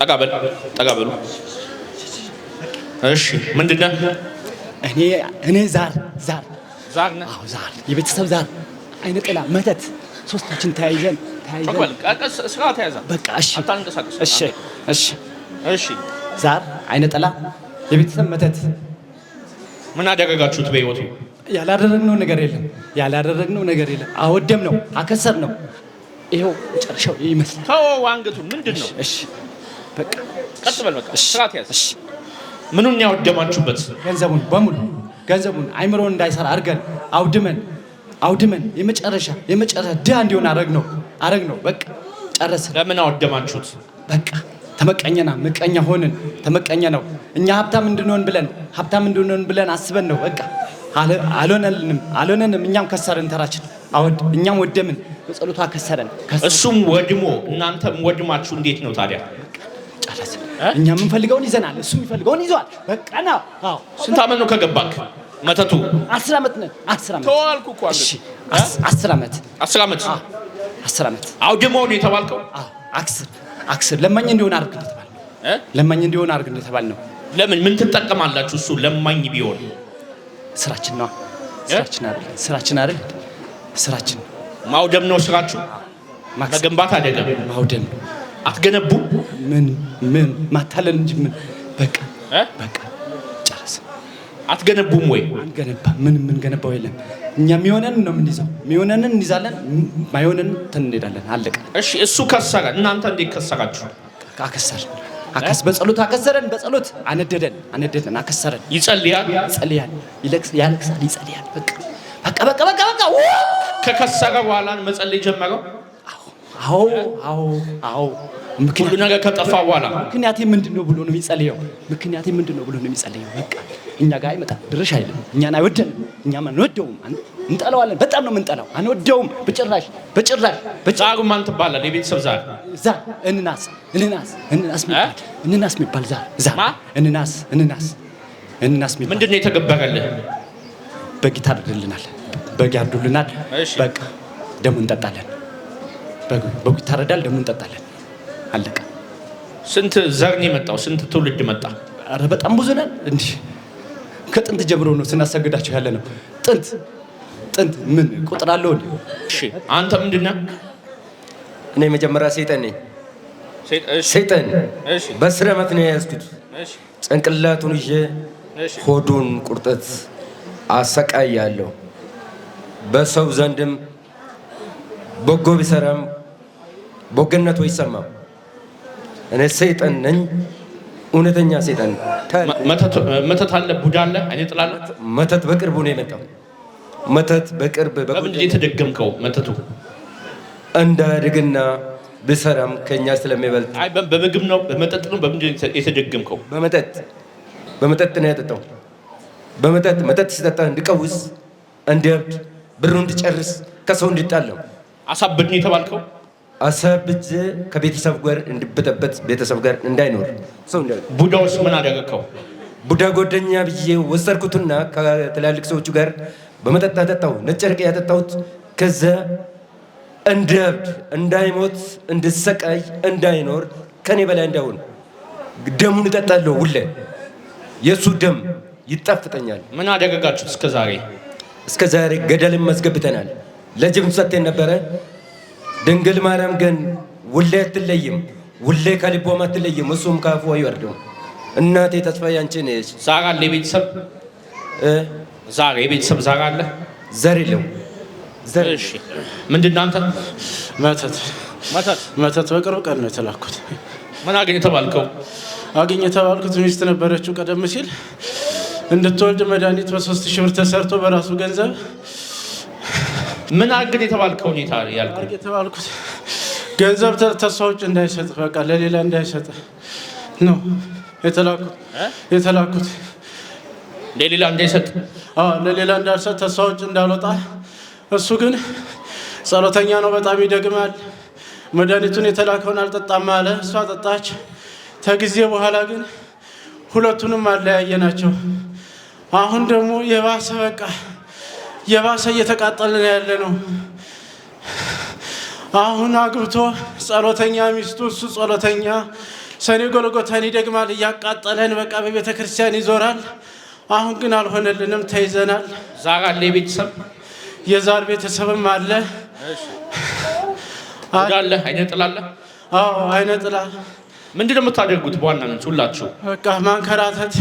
ጠጋ በል እሺ ምንድን ነህ? እኔ እኔ ዛር ዛር ዛር ነህ? አዎ ዛር፣ የቤተሰብ ዛር፣ አይነ ጥላ መተት፣ ሶስታችን ተያይዘን ተያይዘን ስራ ተያዘ። በቃ እሺ፣ አታንቀሳቀስ። እሺ፣ እሺ፣ እሺ። ዛር፣ አይነ ጥላ፣ የቤተሰብ መተት። ምን አደረጋችሁት በህይወቱ? ያላደረግነው ነገር የለም፣ ያላደረግነው ነገር የለም። አወደም ነው፣ አከሰር ነው። ይኸው መጨረሻው ይመስላል። ተወው አንገቱን። ምንድን ነው? እሺ ምኑን ያወደማችሁበት ገንዘቡን በሙሉ ገንዘቡን አይምሮን እንዳይሰራ አድርገን አውድመን አውድመን የመጨረሻ የመጨረሻ ድሃ እንዲሆን አረግ ነው አረግ ነው። በቃ ጨረስን። ለምን አወደማችሁት? በቃ ተመቀኘና ምቀኛ ሆንን። ተመቀኘ ነው እኛ ሀብታም እንድንሆን ብለን ሀብታም እንድንሆን ብለን አስበን ነው። በቃ አልሆነልንም፣ አልሆነንም። እኛም ከሰርን፣ ተራችን አወድ እኛም ወደምን። በጸሎቷ ከሰረን። እሱም ወድሞ እናንተም ወድማችሁ እንዴት ነው ታዲያ እኛ የምንፈልገውን ይዘናል፣ እሱ የሚፈልገውን ይዘዋል። በቃ ና። ስንት ዓመት ነው ከገባክ መተቱ? አስር ዓመት ነን። አስር ዓመት ተዋልኩ እኮ አስር ዓመት አስር ዓመት አስር ዓመት አውድመውን የተባልከው አክስር አክስር ለማኝ እንዲሆን አድርግ እንደተባል ለማኝ እንዲሆን አድርግ እንደተባል ነው። ለምን ምን ትጠቀማላችሁ? እሱ ለማኝ ቢሆን ስራችን ነዋ። ስራችን አይደል? ስራችን አይደል? ስራችን ማውደም ነው ስራችሁ። መገንባት አይደለም ማውደም። አትገነቡም ምን ምን ማታለል እንጂ ምን በቃ በቃ ጨረሰ። አትገነቡም ወይ? አንገነባ። ምን የምንገነባው የለም። እኛ የሚሆነን ነው የምንይዘው። የሚሆነንን እንይዛለን፣ ማይሆነን እንሄዳለን። አለቀ። እሺ፣ እሱ ከሰረ፣ እናንተ እንዴት ከሰራችሁ? አከሰርን። አከስ በጸሎት አከሰረን፣ በጸሎት አነደደን፣ አነደደን፣ አከሰረን። ይጸልያል፣ ይጸልያል፣ ያለቅሳል፣ ይጸልያል። በቃ በቃ በቃ በቃ። ከከሰረ በኋላ መጸለይ ጀመረው። አዎ አዎ አዎ። ሁሉ ነገር ከጠፋ በኋላ ምክንያቴ ምንድን ነው ብሎ ነው የሚጸልየው። ምክንያቴ ምንድን ነው ብሎ ነው የሚጸልየው። በቃ እኛ ጋር አይመጣም፣ ድርሽ አይልም፣ እኛን አይወደንም፣ እኛም አንወደውም፣ እንጠላዋለን። በጣም ነው የምንጠላው፣ አንወደውም በጭራሽ በጭራሽ። ዛሩ ማን ትባላል? የቤተሰብ ዛር እንናስ እንናስ እንናስ የሚባል እንናስ የሚባል ዛር ዛር እንናስ እንናስ እንናስ ምንድን ነው የተገበረልህ? በግ ታርድልናል፣ በግ ያርዱልናል። በቃ እንጠጣለን በጉ ይታረዳል፣ ደግሞ እንጠጣለን። አለቀ። ስንት ዘርን የመጣው ስንት ትውልድ መጣ? ኧረ በጣም ብዙ ነን። እንዲህ ከጥንት ጀምሮ ነው ስናሰግዳቸው ያለ ነው። ጥንት ጥንት ምን ቁጥር አለው? እሺ አንተ ምንድን ነህ? እኔ መጀመሪያ ሰይጣን ነኝ። ሰይጣን በአስር ነው የያዝኩት። ጭንቅላቱን ይዤ ሆዱን ቁርጠት አሰቃያለሁ። በሰው ዘንድም በጎ ቢሰራም ቦገነቱ አይሰማም። እኔ ሰይጣን ነኝ፣ እውነተኛ ሰይጣን። መተት አለ፣ ቡዳ አለ፣ አይነ ጥላ አለ። መተት በቅርቡ ነው የመጣው። መተት በቅርብ በምንድን የተደገምከው? መተቱ እንዳድግና ብሰራም ከኛ ስለሚበልጥ በምግብ ነው በመጠጥ ነው በምንድን የተደገምከው? በመጠጥ በመጠጥ ነው ያጠጣው። በመጠጥ መጠጥ ሲጠጣ እንድቀውስ እንዲያብድ ብሩ እንድጨርስ ከሰው እንድጣለው አሳብድን የተባልከው አሰብጅ ከቤተሰብ ጋር እንድበጠበት ቤተሰብ ጋር እንዳይኖር ቡዳ ምን አደረግከው? ቡዳ ጓደኛ ብዬ ወሰድኩትና ከትላልቅ ሰዎቹ ጋር በመጠጥ አጠጣው። ነጭ ጨርቅ ያጠጣሁት ከዛ እንዳይሞት እንድሰቃይ እንዳይኖር ከኔ በላይ እንዳይሆን ደሙን እጠጣለሁ። ሁሌ የእሱ ደም ይጣፍጠኛል። ምን አደረጋችሁ እስከዛሬ? እስከዛሬ ገደልን ዛሬ ለጅብ ሰጥተን ነበረ ድንግል ማርያም ግን ውሌ አትለይም፣ ውሌ ከልቦም አትለይም፣ እሱም ካፉ አይወርድም። እናቴ ተስፋ ያንቺ ነሽ። ዛር አለ የቤተሰብ ዛር የቤተሰብ ዛር አለ ዘር የለውም። ዘር ምንድን ነው? አንተ መተት መተት መተት በቅርብ ቀን ነው የተላኩት። ምን አገኘ ተባልከው? አገኘ የተባልኩት ሚስት ነበረችው ቀደም ሲል እንድትወልድ መድኃኒት በሶስት ሺህ ብር ተሰርቶ በራሱ ገንዘብ ምን አግድ የተባልከው ሁኔታ ያልኩት የተባልኩት ገንዘብ ተርተህ ሰው ውጭ እንዳይሰጥ በቃ ለሌላ እንዳይሰጥ ነው የተላኩት የተላኩት ለሌላ እንዳይሰጥ ለሌላ እንዳልሰጥ ተሰው ውጭ እንዳልወጣ። እሱ ግን ጸሎተኛ ነው፣ በጣም ይደግማል። መድኃኒቱን የተላከውን አልጠጣም አለ። እሷ ጠጣች። ተጊዜ በኋላ ግን ሁለቱንም አለያየ ናቸው። አሁን ደግሞ የባሰ በቃ የባሰ እየተቃጠልን ያለ ነው። አሁን አግብቶ ጸሎተኛ ሚስቱ እሱ ጸሎተኛ ሰኔ ጎልጎታን ይደግማል። እያቃጠለን በቃ በቤተ ክርስቲያን ይዞራል። አሁን ግን አልሆነልንም፣ ተይዘናል። ዛር አለ የቤተሰብ የዛር ቤተሰብም አለ አለ አይነ ጥላለ አዎ አይነ ጥላ ምንድን ነው የምታደርጉት? በዋናነት ሁላችሁ በቃ ማንከራተት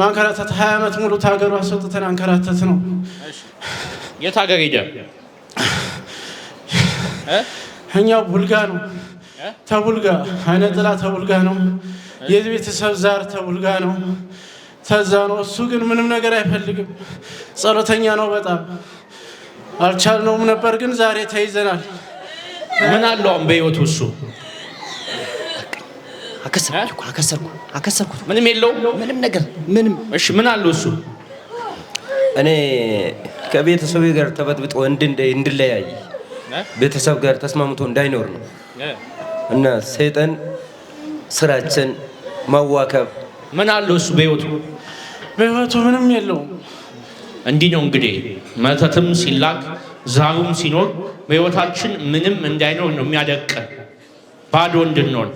ማንከራተት ሀያ ዓመት ሙሉ ታገሩ አስወጥተን አንከራተት ነው። የት ሀገር ሄደ? እኛው ቡልጋ ነው። ተቡልጋ አይነ ጥላ ተቡልጋ ነው። የቤተሰብ ዛር ተቡልጋ ነው። ተዛ ነው። እሱ ግን ምንም ነገር አይፈልግም። ጸሎተኛ ነው። በጣም አልቻልነውም ነበር፣ ግን ዛሬ ተይዘናል። ምን አለውም በህይወቱ እሱ አከሰርኩ አከሰርኩ አከሰርኩ። ምንም የለው ምንም ነገር ምንም። እሺ ምን አለው እሱ? እኔ ከቤተሰብ ጋር ተበጥብጦ እንድለያይ ቤተሰብ ጋር ተስማምቶ እንዳይኖር ነው እና ሰይጣን ስራችን ማዋከብ። ምን አለው እሱ? በህይወቱ በህይወቱ ምንም የለው። እንዲህ ነው እንግዲህ መተትም ሲላክ ዛሩም ሲኖር በህይወታችን ምንም እንዳይኖር ነው የሚያደቀን ባዶ እንድንሆን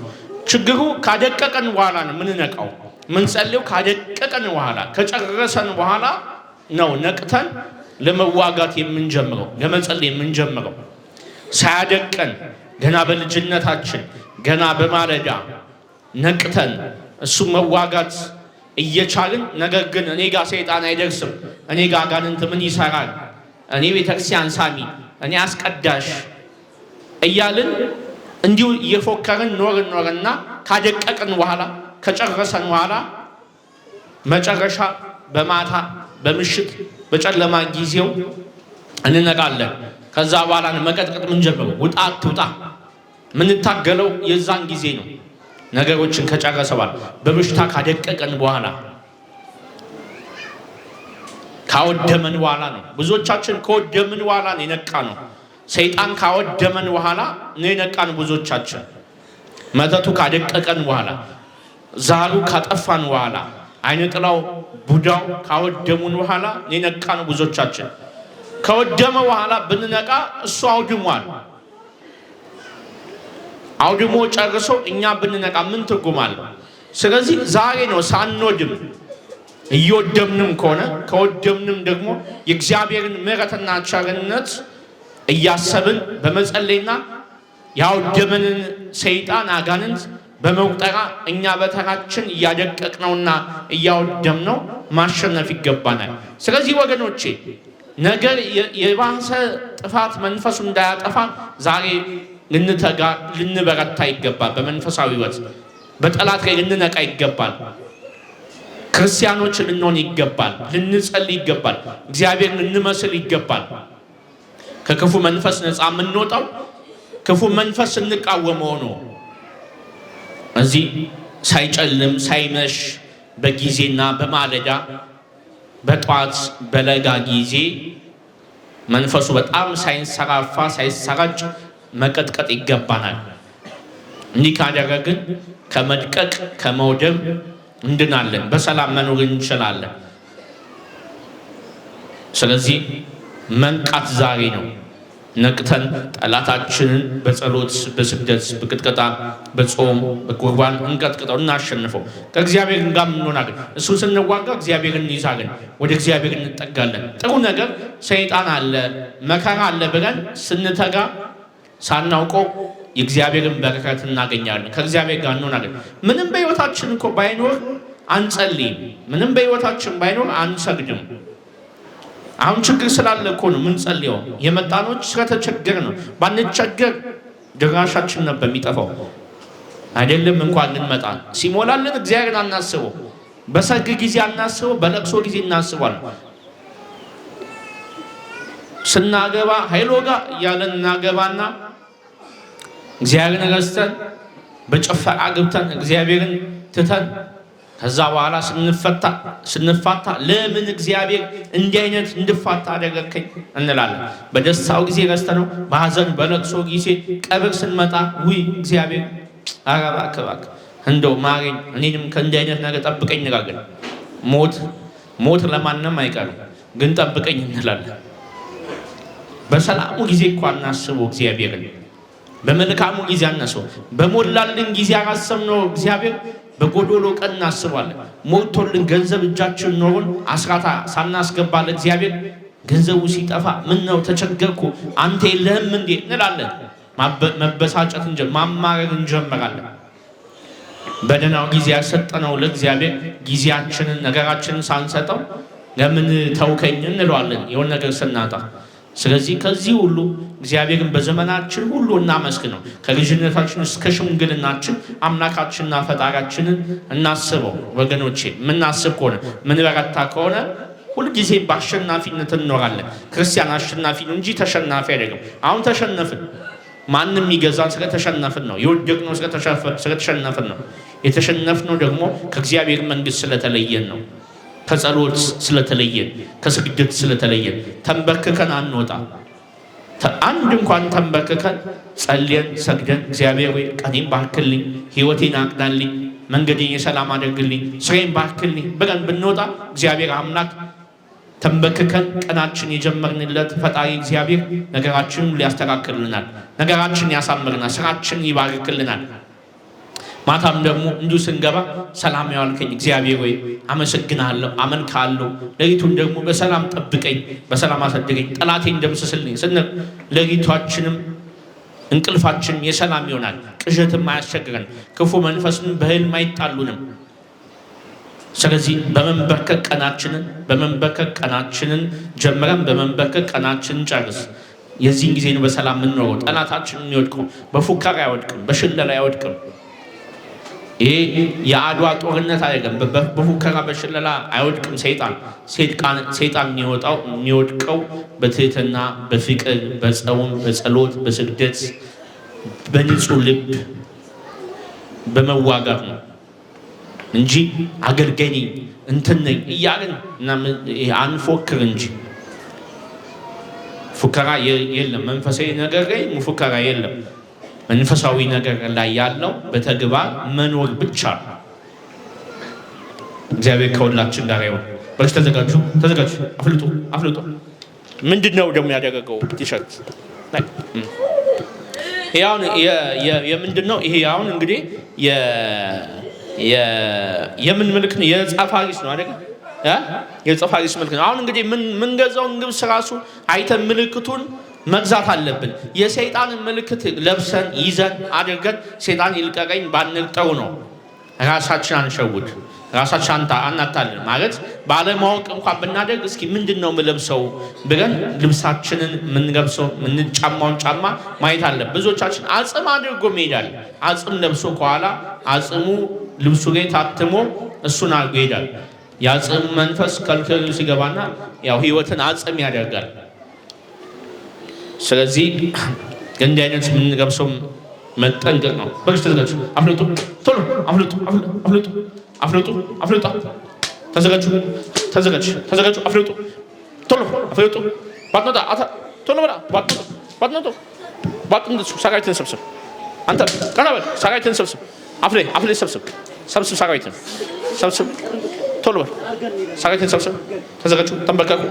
ችግሩ ካደቀቀን በኋላ ነው ምንነቃው። ምንጸልየው ካደቀቀን በኋላ ከጨረሰን በኋላ ነው ነቅተን ለመዋጋት የምንጀምረው ለመጸል የምንጀምረው። ሳያደቀን ገና በልጅነታችን ገና በማለዳ ነቅተን እሱ መዋጋት እየቻልን ነገር ግን እኔ ጋር ሰይጣን አይደርስም፣ እኔ ጋር አጋንንት ምን ይሰራል፣ እኔ ቤተክርስቲያን ሳሚ፣ እኔ አስቀዳሽ እያልን እንዲሁ እየፎከርን ኖርን ኖርና ካደቀቅን በኋላ ከጨረሰን በኋላ መጨረሻ በማታ በምሽት በጨለማ ጊዜው እንነቃለን። ከዛ በኋላ መቀጥቀጥ ምንጀምረው ውጣ ትውጣ ምንታገለው የዛን ጊዜ ነው። ነገሮችን ከጨረሰ በምሽታ ካደቀቀን በኋላ ካወደመን በኋላ ነው። ብዙዎቻችን ከወደምን በኋላ ነው የነቃ ነው። ሰይጣን ካወደመን በኋላ ነው የነቃን። ብዙዎቻችን መተቱ ካደቀቀን በኋላ ዛሉ ካጠፋን በኋላ አይነ ጥላው ቡዳው ካወደሙን በኋላ ነው የነቃን። ብዙዎቻችን ከወደመ በኋላ ብንነቃ እሱ አውድሟል። አውድሞ ጨርሶ እኛ ብንነቃ ምን ትርጉም አለው? ስለዚህ ዛሬ ነው ሳንወድም እየወደምንም ከሆነ ከወደምንም ደግሞ የእግዚአብሔርን ምሕረትና ቸርነት እያሰብን በመጸለይና ያወደመንን ሰይጣን አጋንንት በመቁጠራ እኛ በተራችን እያደቀቅ እያወደም እያወደምነው ማሸነፍ ይገባናል። ስለዚህ ወገኖቼ ነገር የባሰ ጥፋት መንፈሱ እንዳያጠፋ ዛሬ ልንተጋ ልንበረታ ይገባል። በመንፈሳዊ ሕይወት በጠላት ላይ ልንነቃ ይገባል። ክርስቲያኖች ልንሆን ይገባል። ልንጸል ይገባል። እግዚአብሔር ልንመስል ይገባል። ከክፉ መንፈስ ነፃ የምንወጣው ክፉ መንፈስ ስንቃወመው ነው። እዚህ ሳይጨልም ሳይመሽ በጊዜና በማለዳ በጧት በለጋ ጊዜ መንፈሱ በጣም ሳይንሰራፋ ሳይሰራጭ መቀጥቀጥ ይገባናል። እንዲህ ካደረግን ከመድቀቅ ከመውደም እንድናለን፣ በሰላም መኖር እንችላለን። ስለዚህ መንቃት ዛሬ ነው። ነቅተን ጠላታችንን በጸሎት፣ በስግደት፣ በቅጥቀጣ፣ በጾም፣ በቁርባን እንቀጥቅጠው እናሸንፈው። ከእግዚአብሔር ጋር እንሆናለን። እሱ ስንዋጋ እግዚአብሔርን እንይዛለን፣ ወደ እግዚአብሔር እንጠጋለን። ጥሩ ነገር ሰይጣን አለ መከራ አለ ብለን ስንተጋ ሳናውቀው የእግዚአብሔርን በረከት እናገኛለን። ከእግዚአብሔር ጋር እንሆናለን። ምንም በሕይወታችን እኮ ባይኖር አንጸልይም። ምንም በሕይወታችን ባይኖር አንሰግድም። አሁን ችግር ስላለ እኮ ነው የምንጸልየው። የመጣኖች ስለተቸገር ነው። ባንቸገር ድራሻችን ነበር የሚጠፋው። አይደለም እንኳን እንመጣ ሲሞላልን እግዚአብሔር አናስበው። በሰርግ ጊዜ አናስበው፣ በለቅሶ ጊዜ እናስባል። ስናገባ ኃይሎ ጋር እያለን እናገባና እግዚአብሔርን ረስተን በጭፈራ ገብተን እግዚአብሔርን ትተን ከዛ በኋላ ስንፈታ ስንፋታ ለምን እግዚአብሔር እንዲህ አይነት እንድፋታ አደረከኝ እንላለን። በደስታው ጊዜ ረስተ ነው፣ በሀዘን በለቅሶ ጊዜ ቀብር ስንመጣ ውይ እግዚአብሔር ኧረ እባክህ እባክህ እንደው ማረኝ፣ እኔንም ከእንዲህ አይነት ነገር ጠብቀኝ እንላለን። ሞት ሞት ለማንም አይቀርም፣ ግን ጠብቀኝ እንላለን። በሰላሙ ጊዜ እኳ አናስበው እግዚአብሔርን፣ በመልካሙ ጊዜ አነሰው፣ በሞላልን ጊዜ ነው እግዚአብሔር በጎዶሎ ቀን እናስባለን። ሞልቶልን ገንዘብ እጃችን ኖሮን አስራታ ሳናስገባ ለእግዚአብሔር ገንዘቡ ሲጠፋ ምን ነው ተቸገርኩ፣ አንተ የለህም እንዴ እንላለን። መበሳጨት እንጀ ማማረር እንጀምራለን። በደህናው ጊዜ ያሰጠነው ለእግዚአብሔር ጊዜያችንን ነገራችንን ሳንሰጠው ለምን ተውከኝ እንለዋለን። የሆነ ነገር ስናጣ ስለዚህ ከዚህ ሁሉ እግዚአብሔርን በዘመናችን ሁሉ እናመስግነው። ከልጅነታችን እስከ ሽምግልናችን አምላካችንና ፈጣሪያችንን እናስበው። ወገኖቼ የምናስብ ከሆነ ምንበረታ ከሆነ ሁልጊዜ በአሸናፊነት እንኖራለን። ክርስቲያን አሸናፊ ነው እንጂ ተሸናፊ አይደለም። አሁን ተሸነፍን፣ ማንም የሚገዛን ስለተሸነፍን ነው። የወደቅነው ስለተሸነፍን ነው። የተሸነፍነው ደግሞ ከእግዚአብሔር መንግሥት ስለተለየን ነው። ከጸሎት ስለተለየን ከስግደት ስለተለየን ተንበርክከን አንወጣ። አንድ እንኳን ተንበርክከን ጸልየን ሰግደን እግዚአብሔር ወይ ቀኔን ባርክልኝ፣ ህይወቴን አቅናልኝ፣ መንገዴን የሰላም አድርግልኝ፣ ስሬን ባርክልኝ ብለን ብንወጣ እግዚአብሔር አምላክ ተንበርክከን ቀናችን የጀመርንለት ፈጣሪ እግዚአብሔር ነገራችንን ሊያስተካክልልናል፣ ነገራችንን ያሳምርናል፣ ስራችንን ይባርክልናል። ማታም ደግሞ እንዲሁ ስንገባ ሰላም ያዋልከኝ እግዚአብሔር ወይ አመሰግናለሁ፣ አመልካለሁ። ሌሊቱን ደግሞ በሰላም ጠብቀኝ፣ በሰላም አሳድገኝ፣ ጠላቴን ደምስስልኝ ስንል ሌሊቷችንም እንቅልፋችን የሰላም ይሆናል። ቅዠትም አያስቸግረን፣ ክፉ መንፈስም በህልም አይጣሉንም። ስለዚህ በመንበርከክ ቀናችንን በመንበርከክ ቀናችንን ጀምረን በመንበርከክ ቀናችንን ጨርስ። የዚህን ጊዜ ነው በሰላም የምንኖረው። ጠላታችን የሚወድቀው በፉካር አይወድቅም፣ በሽለላ አይወድቅም። ይሄ የአድዋ ጦርነት አይደለም። በፉከራ በሽለላ አይወድቅም ሰይጣን። ሰይጣን የሚወጣው የሚወድቀው በትህትና፣ በፍቅር፣ በጾም፣ በጸሎት፣ በስግደት፣ በንጹህ ልብ በመዋጋት ነው እንጂ አገልገኝ እንትነኝ ነኝ እያልን አንፎክር እንጂ ፉከራ የለም። መንፈሳዊ ነገር ላይ ፉከራ የለም። መንፈሳዊ ነገር ላይ ያለው በተግባር መኖር ብቻ ነው። እግዚአብሔር ከሁላችን ጋር ይሁን። በሽ ተዘጋጁ፣ ተዘጋጁ፣ አፍልጡ፣ አፍልጡ። ምንድን ነው ደግሞ ያደረገው ቲሸርት ያሁን የምንድን ነው ይሄ? አሁን እንግዲህ የምን ምልክ ነው? የጸፋሪስ ነው አደለ? የጸፋሪስ ምልክ ነው። አሁን እንግዲህ ምንገዛውን ግብስ ራሱ አይተን ምልክቱን መግዛት አለብን። የሰይጣንን ምልክት ለብሰን ይዘን አድርገን ሰይጣን ይልቀቀኝ ባንልጠው ነው። ራሳችን አንሸውድ፣ ራሳችን አናታለን ማለት ባለማወቅ እንኳን ብናደርግ እስኪ ምንድን ነው የምለብሰው ብለን ልብሳችንን የምንለብሰው የምንጫማውን ጫማ ማየት አለ። ብዙዎቻችን አጽም አድርጎ ይሄዳል። አጽም ለብሶ ከኋላ አጽሙ ልብሱ ላይ ታትሞ እሱን አድርጎ ይሄዳል። የአጽም መንፈስ ከልክል ሲገባና ያው ህይወትን አጽም ያደርጋል። ስለዚህ እንዲህ አይነት የምንገብሰው መጠንቀቅ ነው። በግስ ተዘጋጁ፣ አፍለጡ፣ ቶሎ አፍለጡ፣ አፍለጡ፣ አፍለጡ፣ አፍለጡ፣ ተዘጋጁ፣ ተዘጋጁ፣ ተዘጋጁ፣ አፍለጡ፣ ቶሎ አፍለጡ፣ ባትኖታ አታ ቶሎ በላ ባትኖቶ ባትኖቶ ሰራዊትን ሰብስብ፣ አንተ ቀና በል፣ ሰራዊትን ሰብስብ፣ አፍሌ አፍሌ ሰብስብ፣ ሰብስብ፣ ሰራዊትን ሰብስብ፣ ቶሎ በል፣ ሰራዊትን ሰብስብ፣ ተዘጋጁ፣ ተንበርከኩ፣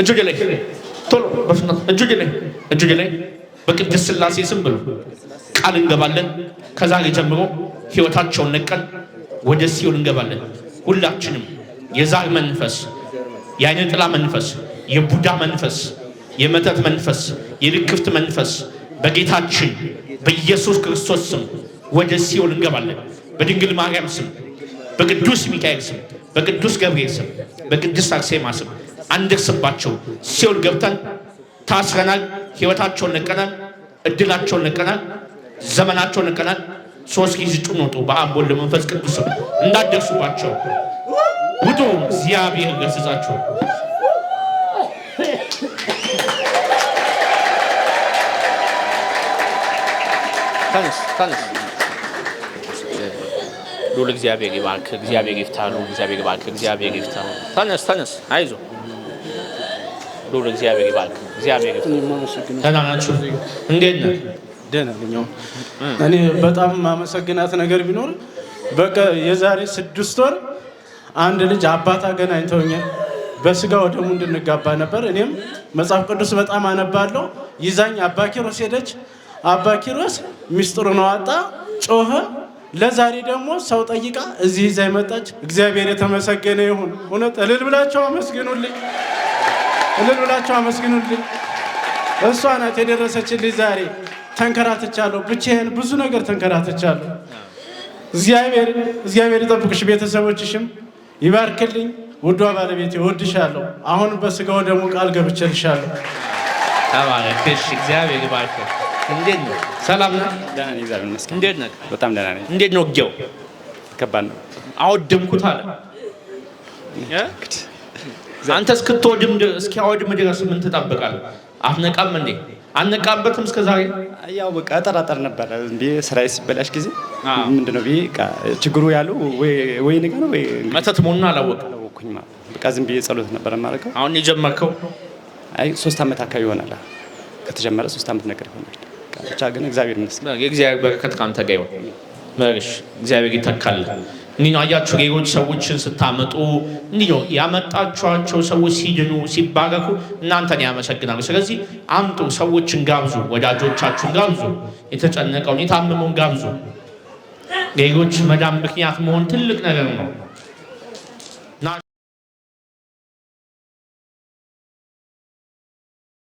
እጅ ላይ ቶሎ በፍጥነት እጁ ግኔ እጁ ግኔ በቅድስት ስላሴ ስም ብሎ ቃል እንገባለን። ከዛሬ ጀምሮ ህይወታቸውን ነቀን ወደ ሲኦል እንገባለን። ሁላችንም የዛር መንፈስ፣ የአይነ ጥላ መንፈስ፣ የቡዳ መንፈስ፣ የመተት መንፈስ፣ የልክፍት መንፈስ በጌታችን በኢየሱስ ክርስቶስ ስም ወደ ሲኦል እንገባለን። በድንግል ማርያም ስም፣ በቅዱስ ሚካኤል ስም፣ በቅዱስ ገብርኤል ስም፣ በቅድስት አርሴማ ስም አንደርስባቸው። ሲኦል ገብተን ታስረናል። ህይወታቸውን ነቀናል። እድላቸውን ነቀናል። ዘመናቸውን ነቀናል። ሶስት ጊዜ ጩ ነውጡ በአብ ወልድ መንፈስ ቅዱስ እንዳደርሱባቸው ውጡ። እግዚአብሔር ገስጻቸው። ሉል እግዚአብሔር ይባርክ። እግዚአብሔር ይፍታ። ሉል እግዚአብሔር ይባርክ። እግዚአብሔር ይፍታ። ተነስ ተነስ፣ አይዞህ ሎሎ እግዚአብሔር ይባል እግዚአብሔር ተናናችሁ እንዴት ነህ? ደህና እኔ በጣም ማመሰግናት ነገር ቢኖር በቃ የዛሬ ስድስት ወር አንድ ልጅ አባት አገናኝተውኛል። በስጋ ወደሙ እንድንጋባ ነበር። እኔም መጽሐፍ ቅዱስ በጣም አነባለሁ። ይዛኝ አባ ኪሮስ ሄደች። አባ ኪሮስ ነው አጣ ጮኸ። ለዛሬ ደግሞ ሰው ጠይቃ እዚህ ይዛ መጣች። እግዚአብሔር የተመሰገነ ይሁን። እውነት እልል ብላቸው አመስግኑልኝ። እልል ብላችሁ አመስግኑልኝ። እሷ ናት የደረሰችልኝ። ዛሬ ተንከራተቻለሁ፣ ብቻዬን ብዙ ነገር ተንከራተቻለሁ። እግዚአብሔር ይጠብቅሽ፣ ቤተሰቦችሽም ይባርክልኝ። ውዷ ባለቤት ወድሻለሁ። አሁን በስጋው ደግሞ ቃል ገብቼልሻለሁ። ተባረክሽ፣ እግዚአብሔር ይባርክ። እንዴት ነው? ሰላም እንዴት በጣም ደህና ነኝ። እንዴት ነው? ከባድ ነው። አወደምኩት አለ አንተ እስክትወድም እስኪያወድም ድረስ ምን ትጠብቃለህ? አትነቃም እንዴ? አነቃበትም እስከ ዛሬ ያው በቃ ጠራጠር ነበረ እንዴ ስራዬ ሲበላሽ ጊዜ ምንድነው ብዬ ችግሩ ያለው ወይ ንጋ ነው ወይ መተት መሆኑን አላወቅኩኝ። በቃ ዝም ብዬ ጸሎት ነበረ ማድረገው። አሁን የጀመርከው አይ ሶስት ዓመት አካባቢ ይሆናል ከተጀመረ ሶስት ዓመት ነገር ይሆናል። ብቻ ግን እግዚአብሔር ይመስገን የእግዚአብሔር በረከት ከአንተ ጋር ይሆን። እግዚአብሔር ይተካል። እንዲህ አያችሁ ሌሎች ሰዎችን ስታመጡ እንዲህ ነው ያመጣችኋቸው ሰዎች ሲድኑ ሲባረኩ እናንተን ያመሰግናሉ። ስለዚህ አምጡ፣ ሰዎችን ጋብዙ፣ ወዳጆቻችሁን ጋብዙ፣ የተጨነቀውን የታመመውን ጋብዙ። ሌሎች መዳን ምክንያት መሆን ትልቅ ነገር ነው።